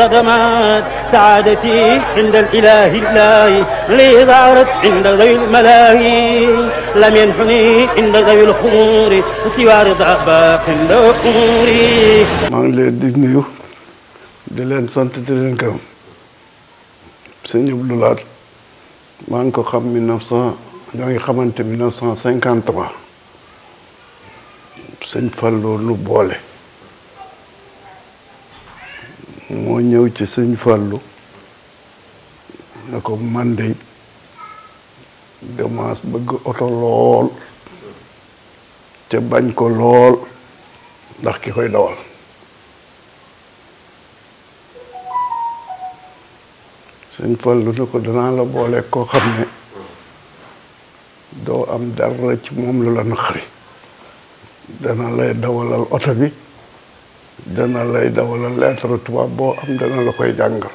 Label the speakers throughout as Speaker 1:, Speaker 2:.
Speaker 1: قدمات سعادتي عند الإله الله لي ظهرت عند ذوي الملاهي لم ينحني عند ذوي الخمور سوى رضا باق لو أموري
Speaker 2: maa ngi leen di nuyu di leen sant di leen gërëm sëñ Abdou Lahad maa ngi ko xam mille neuf cent ñoo ngi xamante mille neuf cent cinquante trois sëñ Fallou nu boole moo ñëw ci sëñ Fàllu ne ko man de bëgg oto lool te bañ ko lool ndax ki koy dawal sëñ Fàllu ne ko danaa la boole koo xam ne doo am dara ci moom lu la naqari dana lay dawalal oto bi dana lay dawalal lettre tubaab boo am dana la koy jàngal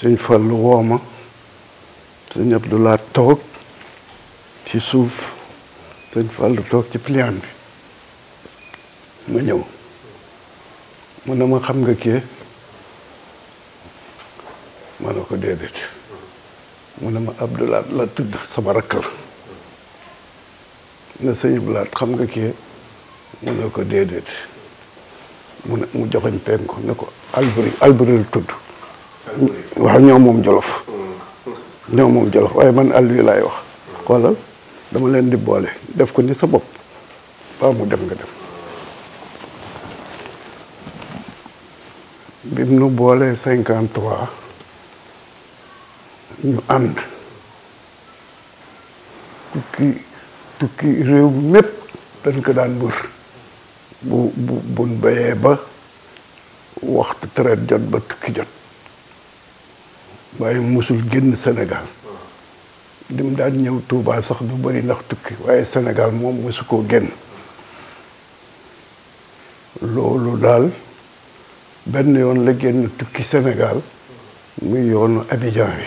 Speaker 2: sëñ Fallu wooma sëñ Abdulaa toog ci suuf sëñ Fallu toog ci pliant bi ma ñëw mu na ma xam nga kii man ne ko déedéet mu ne ma Abdulaa la tudd sama rakk la ne sëñ Abdulaa xam nga kii mu ne ko déedéet mu ne mu joxoñ penku ne ko Alboury Alboury la tudd waaw ñoo moom Jolof mm. ñoo moom Jolof waaye man Alboury laay wax mm. xoolal dama leen di boole def ko ni sa bopp ba mu dem nga dem bi mu nu boolee cinquante trois ñu ànd tukki tukki réew mépp dañ daan wër bu bu buñ béyee ba waxtu traite jot ba tukki jot waaye musul génn Sénégal dim daan ñëw Touba sax du bari ndax tukki waaye Sénégal moom musu koo génn loolu daal benn yoon la génn tukki Sénégal muy yoonu Abidjan bi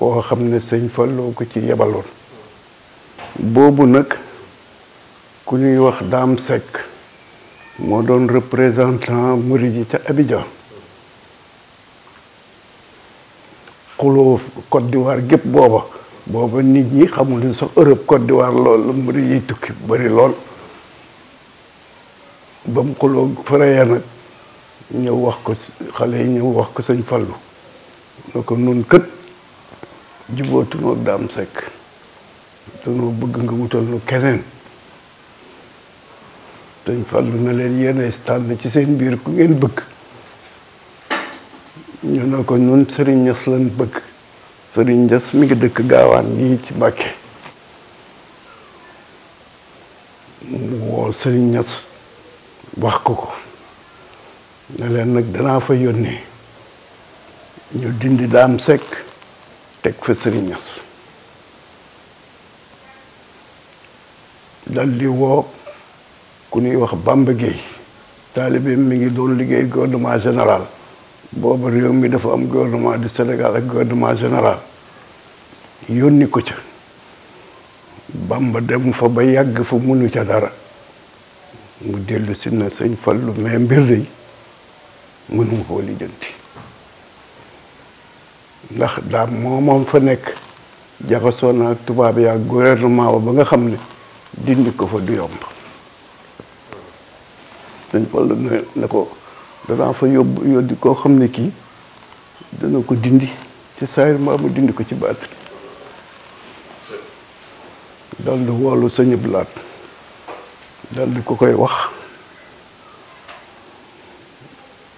Speaker 2: woo xam ne sëñ Falloo ko ci yebaloon boobu nag ku ñuy wax Dame Seck moo doon représentant murid yi ca Abidjan xuloo Côte d'Ivoire gépp booba booba nit ñi xamul xamuñu sax Europe Côte d'Ivoire lool murid yi tukki bari lool ba mu xuloo faraya nag ñëw wax ko xale yi ñëw wax ko sëñ Fallu na ko nun kët jubootunoo Dame Seck danoo bëgg nga wutal nu keneen dañ fàllu na leen yéenay tànn ci seen biir ku ngeen bëgg ñu ne ko ñun Serigne Niass lañ bëgg Serigne Niass mi ngi dëkk gaawaan yi ci Mbàkke woo Serigne Niass wax ko ko ne leen nag danaa fa yónnee ñu dindi daam sekk teg fa Serigne Niass dal di woo ku ñuy wax Bamba Gueye taalibe mi ngi doon liggéey gouvernement général booba réew mi dafa am gouvernement du Sénégal ak gouvernement général yónni ko ca Bamba dem fa ba yàgg fa munu ca dara mu dellu si na sëñ Fallu mais mbir day mënuma koo lijjanti ndax daa moomoom fa nekk jaxasoo naa tubaab yaa gouvernement ba nga xam ni dindi ko fa du yomb dañ fa ne ko danaa fa yóbbu yóddi koo xam ne kii dana ko dindi ci saayir mbaa mu dindi ko ci baat dal di woolu sëñ Blaat dal di ko koy wax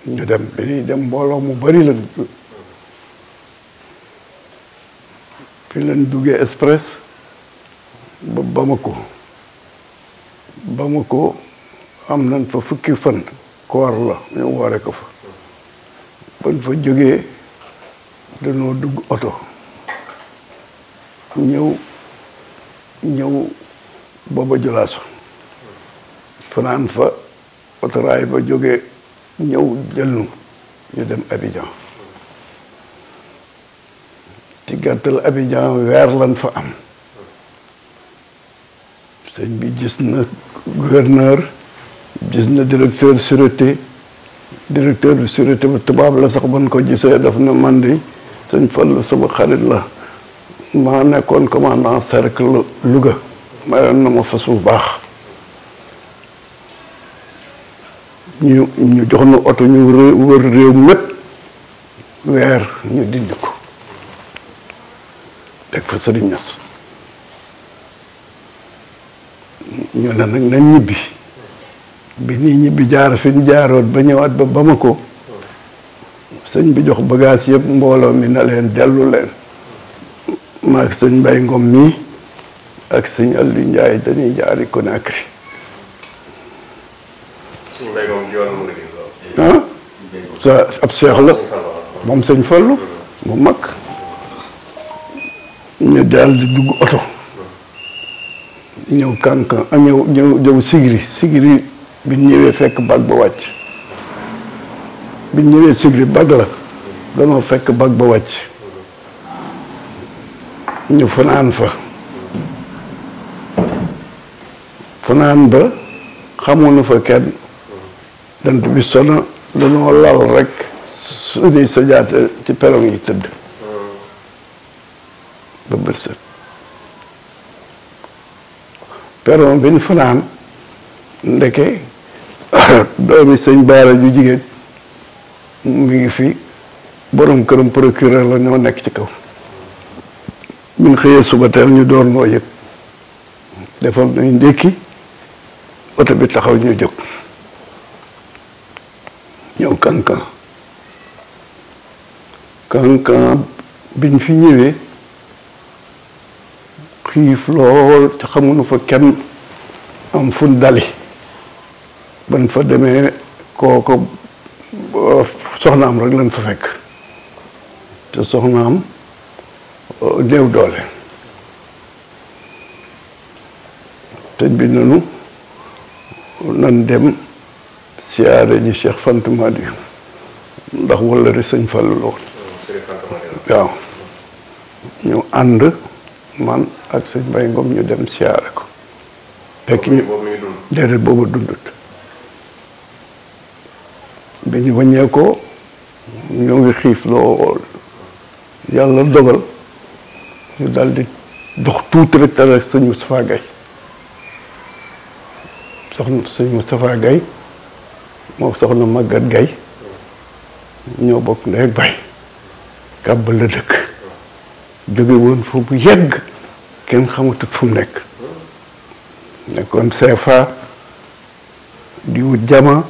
Speaker 2: ñu dem dem mbooloo mu bari la fi leen duggee express ba Bamako Bamako am nañ fa fukki fan koor la ñu woore ko fa bañ fa jógee dañoo dugg oto ñëw ñëw booba jolaasu fanaan fa otoraay ba jógee ñëw jëlnu ñu dem Abidjan ci gàttal Abidjan weer lan fa am sëñ bi gis na gouverneur gis na directeur sûreté directeur bi sûreté tubaab la sax ban ko gisee daf ne man di sëñ Fallu sama xarit la maa nekkoon commandant cercle Louga mayoon na ma fas bu baax ñu ñu jox na oto ñu wër réew mépp weer ñu dindi ko teg fa Sëriñ Ñas ñu ne nag nañ ñibbi bi nii ñibbi jaar fi ñu ba ñëwaat ba Bamako sëñ bi jox bagage yëpp mbooloo mi na leen dellu leen maag sëñ Mbay Ngom mii ak sëñ Aliou Ndiaye dañuy jaari Conakry ah sa ab seex moom sëñ Fallu mu mag ñu daal di dugg oto ñëw kànkan ah, ñëw ñëw ñëw sigiri sigiri biñ ñëwee fekk bag ba wàcc biñ ñëwee sigli bag la danoo fekk bag ba wàcc ñu fanaan fa fanaan ba xamunu fa kenn dant bi sona danoo lal rekk suñuy sajaata ci perong yi tëdd ba bët set perong bi ñu fanaan ndeke doomi sëñ Baara ju jigéen mi ngi fi boroom këram procureur la ñoo nekk ci kaw min xëyee suba teel ñu door noo yëg defal nañ ndékki oto bi taxaw ñu jóg ñëw kankan kankan biñ fi ñëwee xiif lool ci xamuñu fa kenn am fun dali ban fa demee kooko euh, soxnaam rek lañ fa fekk te soxnaam euh, néew doole tëj bi nanu nan dem siyaare ji Cheikh Fanta Madi ndax wala rek sëñ Fallou la waaw ñu ànd man ak sëñ Mbaye Ngom ñu dem siyaare ko fekk ñu déedéet boobu dundut bi ñu wàññeekoo ñoo ngi xiif lool yàlla dogal ñu daal dox tuuti rek dara sëñ Moustapha Gaye soxna sëñ Moustapha moo soxna Maguette Gaye ñoo bokk ndey ak baay kàbbal la dëkk jóge woon yegg kenn xamatut fu mu nekk nekkoon CFA di wut jama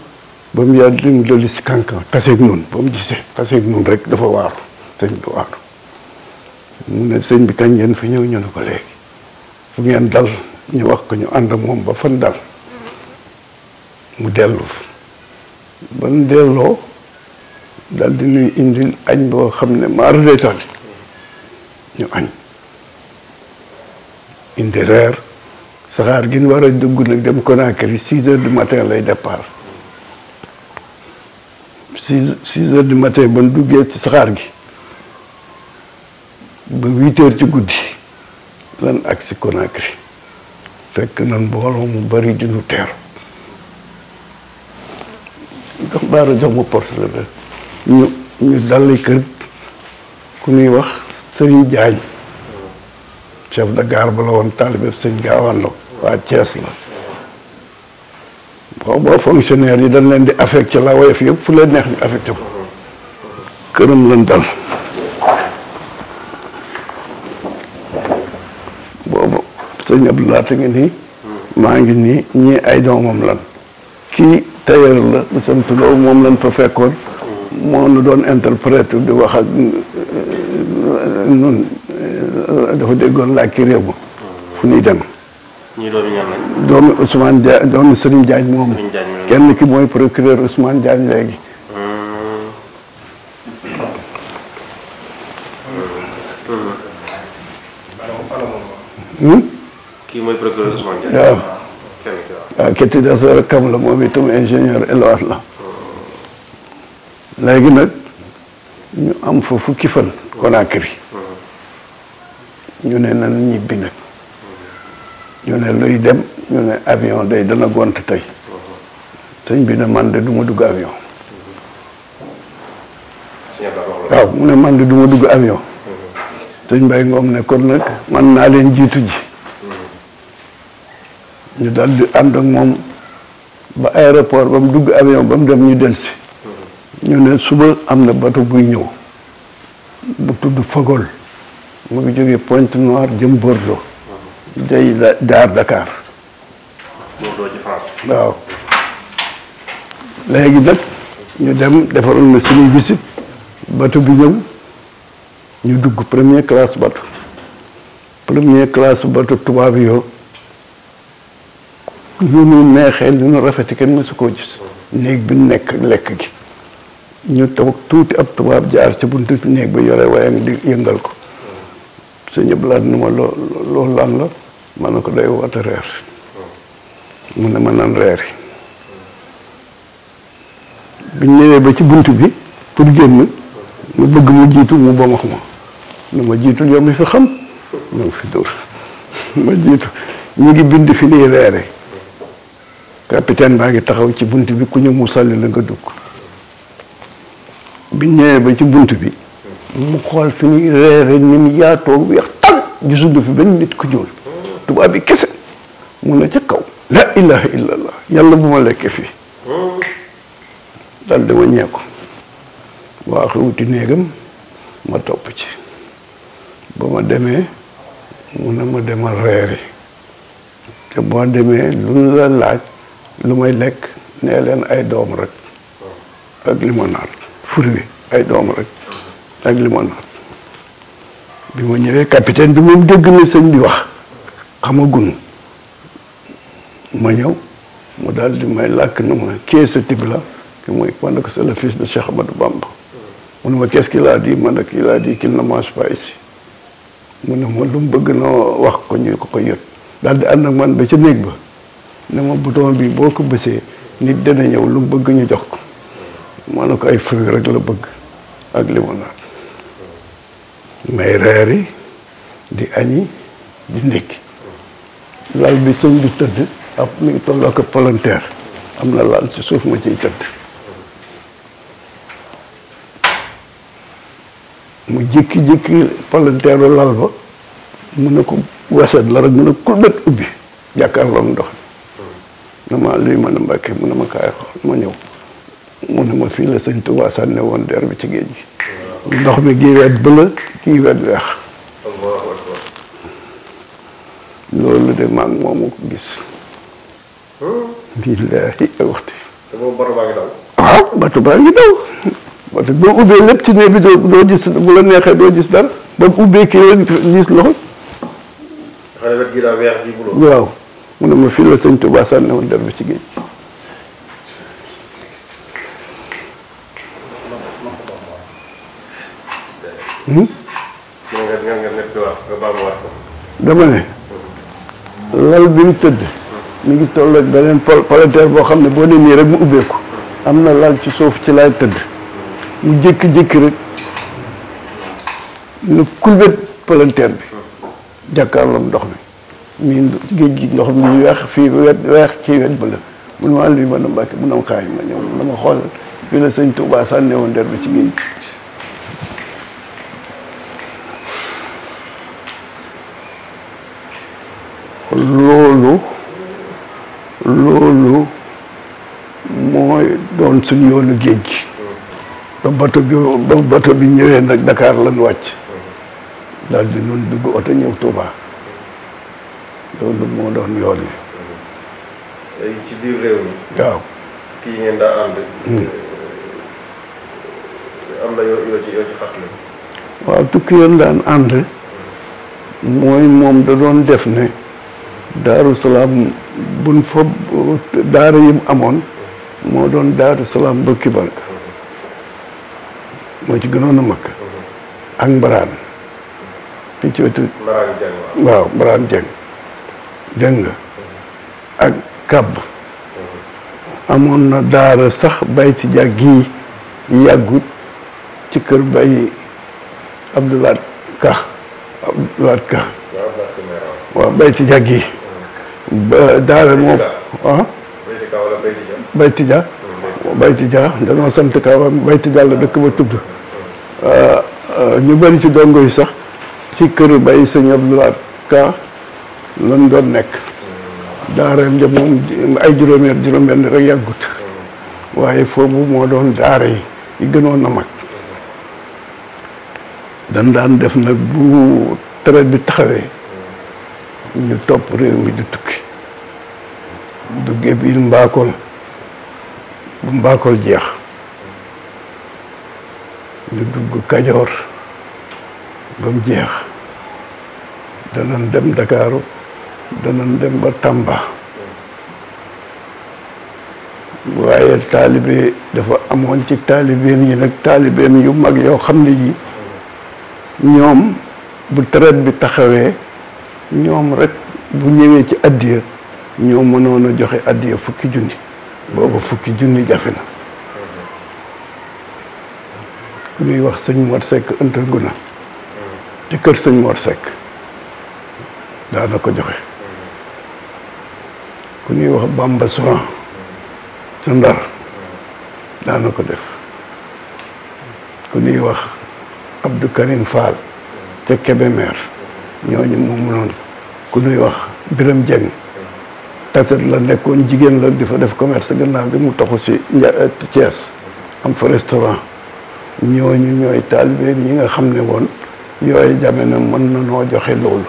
Speaker 2: ba mu yàgg mu dellu si kànkan kaseeg noonu ba mu gisee kaseeg noonu rek dafa waaru sëñ bi waaru mu ne sëñ bi kañ ngeen fi ñëw ñu ne ko léegi fu ngeen dal ñu wax ko ñu ànd moom ba fan dal mu dellu ba mu delloo dal di nuy indil añ boo xam ne maar reetaan ñu añ indi reer saxaar gi ñu war a dugg nag dem Conakry six heures du matin lay départ six six heures du matin ba nu duggee ci saxaar gi ba huit ci guddi lan ak si Conakry fekk nan mbooloo mu bari di nu teeru jox baara jox ma portele be ñu ñu dalli kër ku ñuy wax Serigne Diagne chef de gare ba la woon taalibe Serigne Gaawaan waa Thiès la xaw ma fonctionnaire yi dañ leen di affecté la woyof yëpp fu leen neex ñu affecté ko këram lan dal boobu sëñ Abdoulaye te ngi nii maa ngi nii ñii ay doomam lan kii tailleur la lu sant loolu moom lan fa fekkoon moo nu doon interprète di wax ak euh, euh, nun euh, dafa déggoon laaj ki réew ma fu ñuy dem
Speaker 1: ñii doomi ñan lañ. doomi
Speaker 2: Ousmane Diagne doomi kenn ki mooy procureur Ousmane Diagne léegi.
Speaker 1: Hmm. Hmm? kii mooy procureur Ousmane Diagne. waaw waaw ki ci des
Speaker 2: rakkam la moom itam ingénieur élevage la. léegi nag ñu am fa fukki fan. Conakry.
Speaker 1: Hmm.
Speaker 2: ñu ne nan ñibbi nag. ñu ne luy dem ñu ne avion day dana gont tey sëñ bi ne man de du ma dugg avion waaw mu ne man duma dugg avion sëñ Mbay Ngom ne kon nag man naa leen jiitu ji ñu dal di ànd moom ba aéroport ba dugg avion bam mu dem ñu si ñu ne suba am na bato buy ñëw bu tudd Fogol mu ngi jógee Pointe Noire jëm Bordeaux day jaar Dakar. waaw léegi nag ñu dem defaroon na suñuy visite bato bi ñëw ñu dugg première classe bato première classe bato tubaab yoo lu nu neexee lu nu rafeti kenn mësu koo gis. néeg bi nekk lekk gi. ñu toog tuuti ab tubaab jaar ci buntu néeg bi yore waaye di yëngal ko. sëñ Abdoulaye ni ma loo loo la. man na ko day woote reer mu ne ma nan reeri biñ ñëwee ba ci bunt bi pour génn mu bëgg mu jiitu mu bomax ma ne ma jiitul yow mi fi xam ñoo ma jiitu ñu ngi bind fi nii reere capitaine baa ngi taxaw ci bunt bi ku ñëw mu sàlli la nga dugg biñ ñëwee ba ci bunt bi mu xool fi ni reere ni mu yaatoo weex tag gisuñu fi benn nit ku ñuul tubaab bi kese mun na ca kaw la ilaha illallah yàlla bu ma lekkee fii dal di wàññeeku waa xuuti néegam ma topp ci ba ma demee mun na ma demal reeri te boo demee lu la laaj lu may lekk nee leen ay doom rek ak limonade fruit ay doom rek ak limonade bi ma ñëwee capitaine bi mu dégg na sëñ bi wax xamagun ma ñëw mu daal may làkk na ma kee ce type là que mooy ko c'est le fils de Cheikh Ahmadou Bamba mu ne ma qu'est-ce qu'il a dit man a dit qu'il ne mange pas ici mu ne ma lu mu bëgg noo wax ko ñu ko koy yot daal ànd ak man ba ca néeg ba ne ma bouton bi boo ko bësee nit dana ñëw lu mu bëgg ñu jox ko ma ne ko ay fruits rek la bëgg ak limonade may reeri di añi di ndékki lal bi sëñ bi tëdd am na lal ci suuf ma ciy tëdd mu jékki-jékki palanteeru lal ba mu ne ko weset la rek mu ne ko bët ubbi mu ndox mi na ma luy mën a mbàkke mu ne ma kaay xool ma ñëw mu ne ma fii la sëñ Tuubaa sànne woon der bi ci géej gi ndox mi gi wet bëla kii wet weex loolu de maag moomu ko gis. billaahi waxtu. te boobu bato baa ngi daw. waaw bato ngi daw. parce que boo ubbee lépp ci néeg bi doo doo gis neexee doo gis dara ba ubbee kii rek gis loxo. xale gi waaw mu ne ma fii la sëñ Touba sànni woon der ci géej. dama ne. lal bi mu tëdd mu ngi toll beneen palanteer boo xam ne boo ne nii rek mu ubbeeku am na lal ci suuf ci laay tëdd mu jékki-jékki rek lu kulbet palanteer bi jàkkaarloog ndox mi miin géej gi ndox mi weex fii wet weex ci wet ba mun ma lii ma na mbàkke mun am xaay ma ñëw mun na ma xoolal fii la sëñ Tuubaa sànneewoon der bi ci géej loolu loolu mooy doon suñu yoonu géej ba bato bi ba bato bi ñëwee nag Dakar lañ wàcc daal di nun dugg oto ñëw Touba loolu moo doon yoon
Speaker 1: wi biir réew mi waaw kii hmm.
Speaker 2: waaw tukki yoon daan ànd hmm. mooy moom da doon def ne u salaam buñ fob daara yim amoon moo doon daaru salaam bokki barka moo ci gënoon a mag ak mbaraan fi ci wetu waaw mbaraan jeng ak kàbb amoon na daara sax bay ci jàgg yi ci kër bay abdoulaat ka abdoulaat ka waaw bay ci jàgg daara moom ah bayti ja bayti ja danoo sant kaw bayti ja la dëkk ba tudd ah, ah, ñu bëri ci dongo yi sax ci këru bay sëñ Abdoulaat Ka lan doon nekk daaram ja moom ay juróomeer juróom-benn rek yàggut waaye foofu moo doon daara yi yi gënoon na mag dan def nag bu traite bi taxawee ñu topp réew mi di tukki liggéey bi mbaakol bu mbaakol jeex ñu dugg Kajoor ba mu jeex danañ dem Dakaaru danañ dem ba Tamba waaye taalibe dafa amoon ci taalibeen yi nag taalibeen yu mag yoo xam ne yi ñoom bu traite bi taxawee ñoom rek bu ñëwee ci addiya ñoo mënoon a joxe addiya fukki junni booba fukki junni jafe na ku ñuy wax sëñ Mor Seck ëntal guna ci kër sëñ Mor Seck daana ko joxe ku ñuy wax Bamba Souran ca Ndar daana ko def ku ñuy wax Abdou Karim Fall ca Kébémer ñooñu mu mënoon ku ñuy wax Biram Jeng taset la nekkoon jigéen la di fa def commerce gannaaw bi mu taxu si eh, Thiès am fa restaurant ñooñu ñooy taalibe ñi nga xam ne woon yooyu jamono mën na noo joxe loolu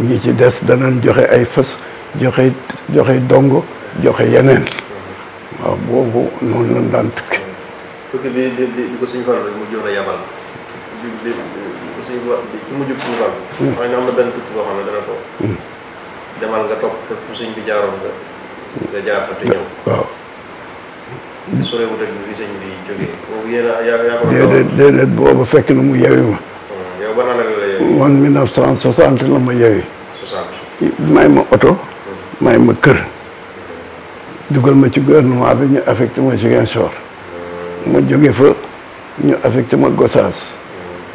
Speaker 2: ñi ci des danañ joxe ay fës joxe joxe dongo joxe yeneen waaw boobu noonu lañ daan tukki.
Speaker 1: demal nga topp bi jaaroon nga a yaa ko
Speaker 2: déedéet fekk na mu yewi ma hmm, yow ban année la yewi man mille neuf cent soixante la ma yewi may ma oto hmm. may ma kër dugal ma ci gouvernement bi ñu affecté ma Ziguinchor hmm. ma jóge fa ñu affecté ma Gossas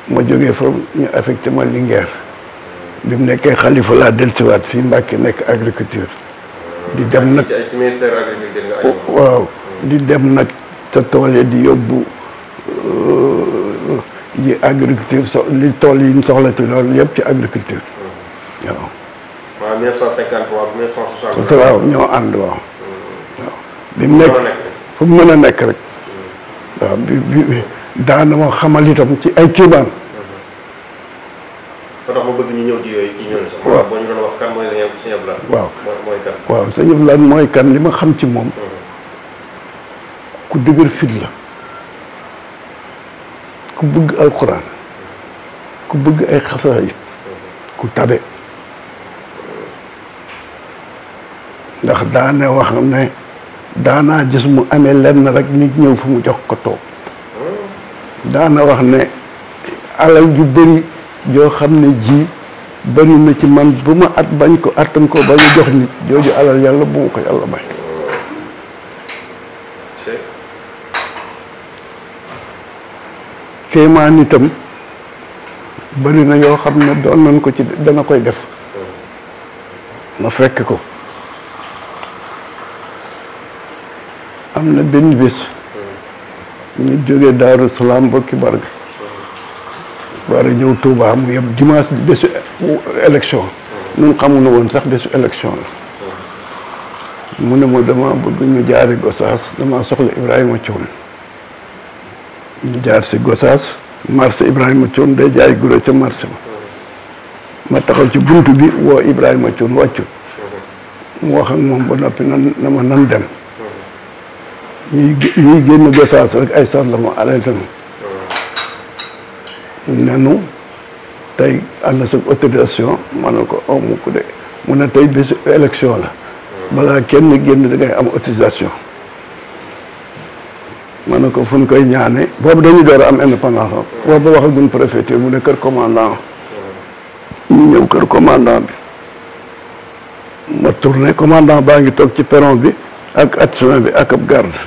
Speaker 2: ma jóge fa ñu affecté ma Linguère bi mu nekkee xalifa laa dellusiwaat fii mbakk nekk agriculture. di dem nag oh, dem nag te tool yi di yóbbu euh, yi agriculture li tool yi ñu soxla ci loolu yëpp ci agriculture. Mm-hmm. waaw. waaw ñoo ànd
Speaker 1: mm-hmm.
Speaker 2: bi mu nekk fu mu mën nekk rek. Mm-hmm. waaw bi bi daanaka ci ay kiibaan.
Speaker 1: bëgg ñu ñëw ci yooyu ci ñooñu waaw boo ñu doon wax mooy waaw mooy kan.
Speaker 2: waaw Sëñ Abdu mooy kan li ma xam ci moom. Mm-hmm. ku dëgër fit la. ku bëgg alxuraan. ku bëgg ay xasaayit. Mm-hmm. ku tabe. ndax daane wax ne daanaa gis mu amee lenn rek nit ñëw fu mu jox ko toog
Speaker 1: mm-hmm.
Speaker 2: daana wax ne alal ju bëri joo xam ne jii bari ci man bu ma at bañ ko attan ko ba ñu jox nit jooju alal yàlla bu ma ko yàlla may kéemaan itam bari na yoo xam ne doon nañ ko ci dana koy def ma fekk ko am na benn bés ñu jóge Daaru Salaam ba Kibarga war ñëw tuubaa mu yem dimanche bi bésu élection ñun xamuñu woon sax bésu élection
Speaker 1: la
Speaker 2: mu ne ma dama bëgg ñu jaari Gosaas dama soxla Ibrahima Thion ñu jaar si Gosaas marché Ibrahima Thion day jaay guro ca marché ma ma taxaw ci buntu bi woo Ibrahima Thion wàccut mu wax ak moom ba noppi nan na ma nan dem ñuy ñuy génn Gosaas rek ay sànq la ma alaytam nanu tey am na sa autorisation ma ne ko aw oh, mukk de mu ne tey bisu élection la balaa kenn génn da ngay am autorisation ma ne ko fun ñu koy ñaane boobu dañuy door am am indépendance boobu waxaguñ préfecture mu ne kër commandant ñu ñëw kër commandant bi ma tourné commandant baa ngi toog ci peron bi ak adjoint bi ak ab garde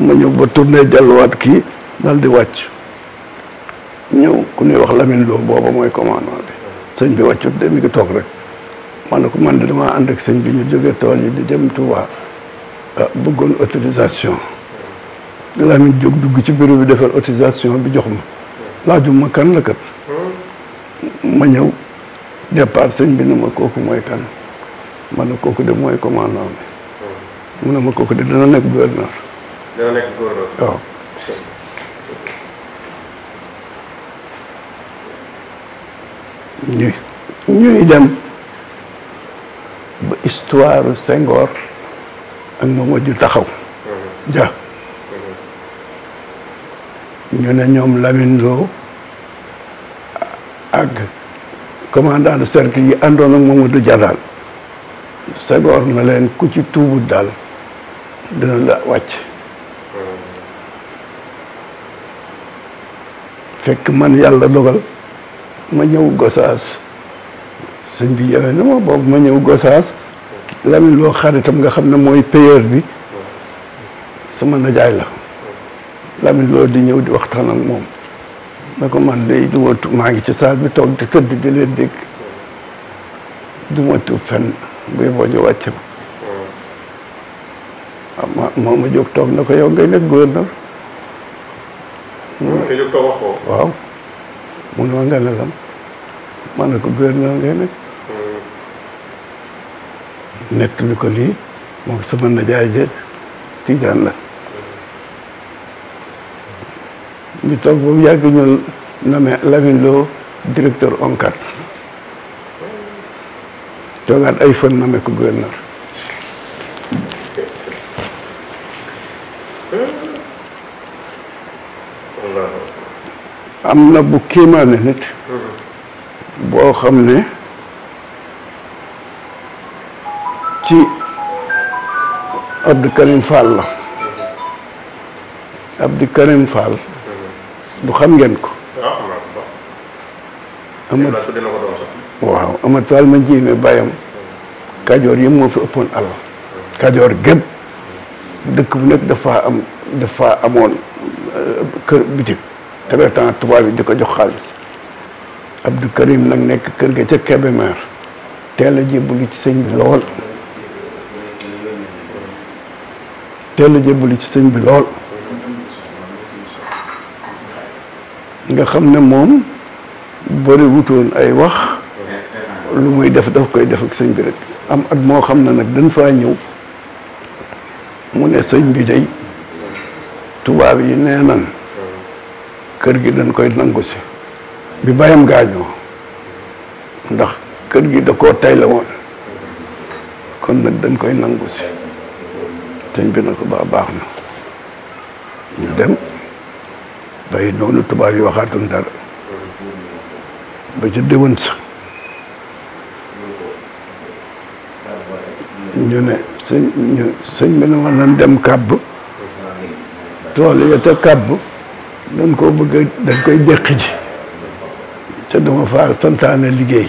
Speaker 2: ma ñëw ba tourné delluwaat kii dal di wàcc ñëw ku ñuy wax Lamine Lo booba mooy commandement bi sëñ bi wàccut de mi ngi toog rek man ne ko man de damaa ànd ak sëñ bi ñu jógee tool yi di dem Touba ah, bëggoon autorisation Lamine jóg dugg ci bureau bi defal autorisation bi jox ma laajuma kan la kat ma ñëw départ sëñ bi ne ma kooku mooy kan man ne kooku de mooy commandement bi mu ne ma kooku de dana nekk gouverneur ñu ñuy dem ba histoire Senghor ak Mamadou taxaw mhm. ja mhm. ñu ne ñoom Lamine Lo ak commandant de cercle yi àndoon ak Mamadou Dia daal Senghor na leen ku ci tuubut daal dina la wàcc mhm. fekk man yàlla dogal ma ñëw Gosaas sëñ bi yewee na ma boobu ma ñëw Gosaas Lamine loo xaritam nga xam ne mooy payeur bi sama najaay la Lamine loo di ñëw di waxtaan ak moom ne ko man day du ma maa ngi ci saal bi toog di tëdd di leen dégg du ma tuub fenn bu yeboo ñu wàcc ma ah, moo ma jóg toog na ko yow ngay nekk gouverneur. waaw. mu ne ma nga ne lam ma ko gouverneur ngay nekk nett li ko lii moom sama najaay je tijaan la ñu toog ba yàgg ñu nommé Lamine Lo directeur ONCAD toogaat ay fan nommé ko gouverneur am na bu kéemaane nit boo xam ne ci Abdou Karim Fall la Abdou Karim Fall du xam ngeen ko amat waaw amat Fall ma jéeme bàyyam kajoor yëpp moo fi ëppoon alal kajoor gépp dëkk bu nekk am dafa amoon euh, kër entre temps tubaab yi di ko jox xaalis Abdou Karim nag nekk kër gi ca Kébémer teel a jébbalu ci sëñ bi lool teel a jébbalu ci sëñ bi lool nga xam ne moom bëri wutoon ay wax lu muy def daf koy def ak sëñ bi rek am at moo xam ne nag dañ faa ñëw mu ne sëñ bi day tubaab yi nee nan kër gi dañ koy nangu si bi bàyyam gaañoo ndax kër gi da koo tay kon nag dañ koy nangu si teñ ko baa baax na ñu dem bàyyi noonu tubaab yi waxaatuñ dara ba ca déwén ñu ne sëñ ñu sëñ dem kàbb tool ya te dañ koo bëgg a koy deq ji te dama faa santaane liggéey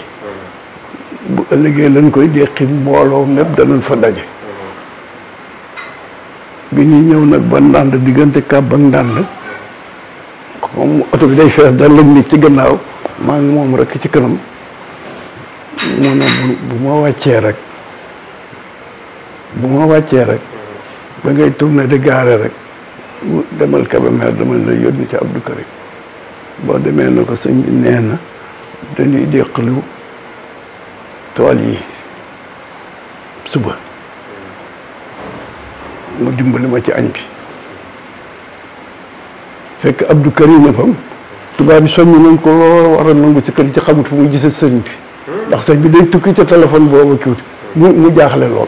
Speaker 2: bu ëllëgee lañ koy deqi mbooloo mépp danañ fa daje bi ñuy ñëw nag ba ndànd diggante kàbb ak ndànd moom oto bi day fees da lañ nit ci gannaaw maa ngi moom rek ci kanam mu ne bu ma wàccee rek bu ma wàccee rek ba ngay tourné di gaare rek demal Kébémer demal la yónni ci Abdou Karim boo demee na ko sëñ bi nee na dañuy déqalu tool yi suba mu dimbali ma ci añ bi fekk Abdou Karim na fam tubaab bi soññ nañ ko lool war a nangu si kër ci xamut fu mu gisee sëñ bi ndax sëñ bi dañ tukki ca téléphone boobu kiwut mu mu jaaxle lool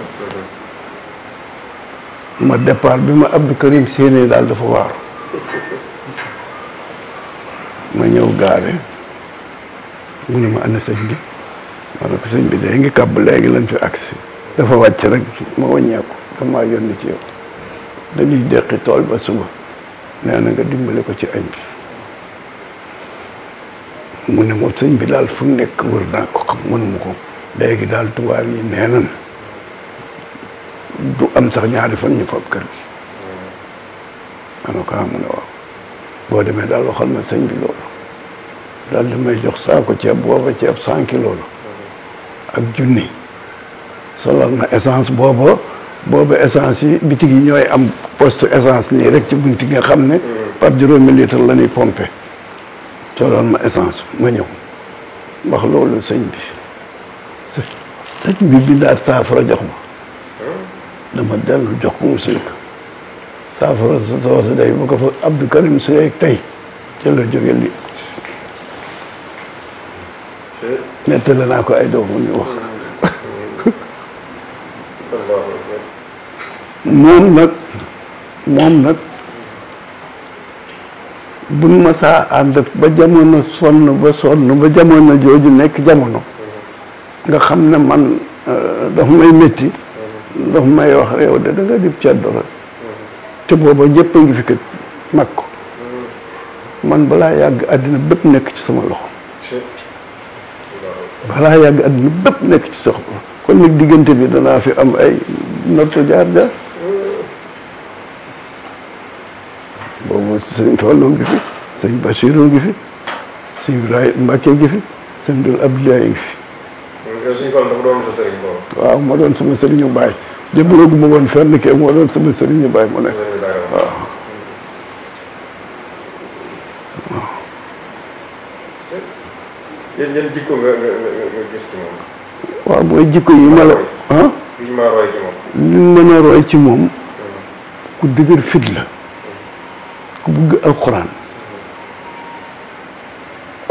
Speaker 2: ma départ bi ma Abdou Karim seenee daal dafa waaru ma ñëw gaare mu ne ma ana sëñ bi ma ne sëñ bi de ngi kàbb léegi lañ fi agsi dafa wàcc rek ma wàññeeku damaa yónni ci yow dañuy deqi tool ba suba nee na nga dimbali ko ci añ bi mu ne ma sëñ bi daal fu nekk wër naa ko xam mënuma ko léegi daal tubaab yi nee du am sax ñaari fan ñu fab kër gi. ma ne ko ah mu ne boo demee daal waxal ma sëñ bi loolu daal di may jox saako ceeb booba ceeb cent kilos la ak junni solal ma essence booba booba essence yi bitig yi ñooy am poste essence nii rek ci bunti nga xam ne par juróomi litre la ñuy pompé soloon ma essence ma ñëw wax loolu sëñ bi sëñ bi saafara jox ma dama dellu jox ko mu suñ ko saafara sa soo si day ko fa Abdou Karim Seye tey ca la jóge li nettali naa ko ay doomu ñu wax moom nag moom nag buñ ma saa ànd ba jamono sonn ba sonn ba jamono jooju nekk jamono nga xam ne man euh, dafa may métti daf may wax yow de dib ceddo rek te booba ñëpp a ngi fi kat mag ko man balaa yàgg àddina bépp nekk ci sama
Speaker 1: loxo
Speaker 2: balaa yàgg àddina bépp nekk ci sox kon nag diggante bi danaa fi am ay norto jaar jaar boobu sëñ Fallou ngi fi sëñ Bassirou ngi fi sëñ Ibrahima Mbacke ngi fi sëñ Abdoulaye ngi fi. waaw moo doon sama sëriñu baay jëmbaloogu ma woon fenn kee moo doon sama sëriñu baay mu nekk waaw yéen yéen
Speaker 1: jikko nga nga nga gis ci moom.
Speaker 2: waaw mooy jikko yi ma la. ah
Speaker 1: li ma roy ci
Speaker 2: moom. li ma roy ci moom. Hmm. ku dëgër fit la. ku bëgg alxuraan.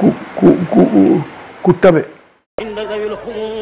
Speaker 2: Hmm. ku ku ku ku tabe.